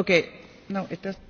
Ok, no it does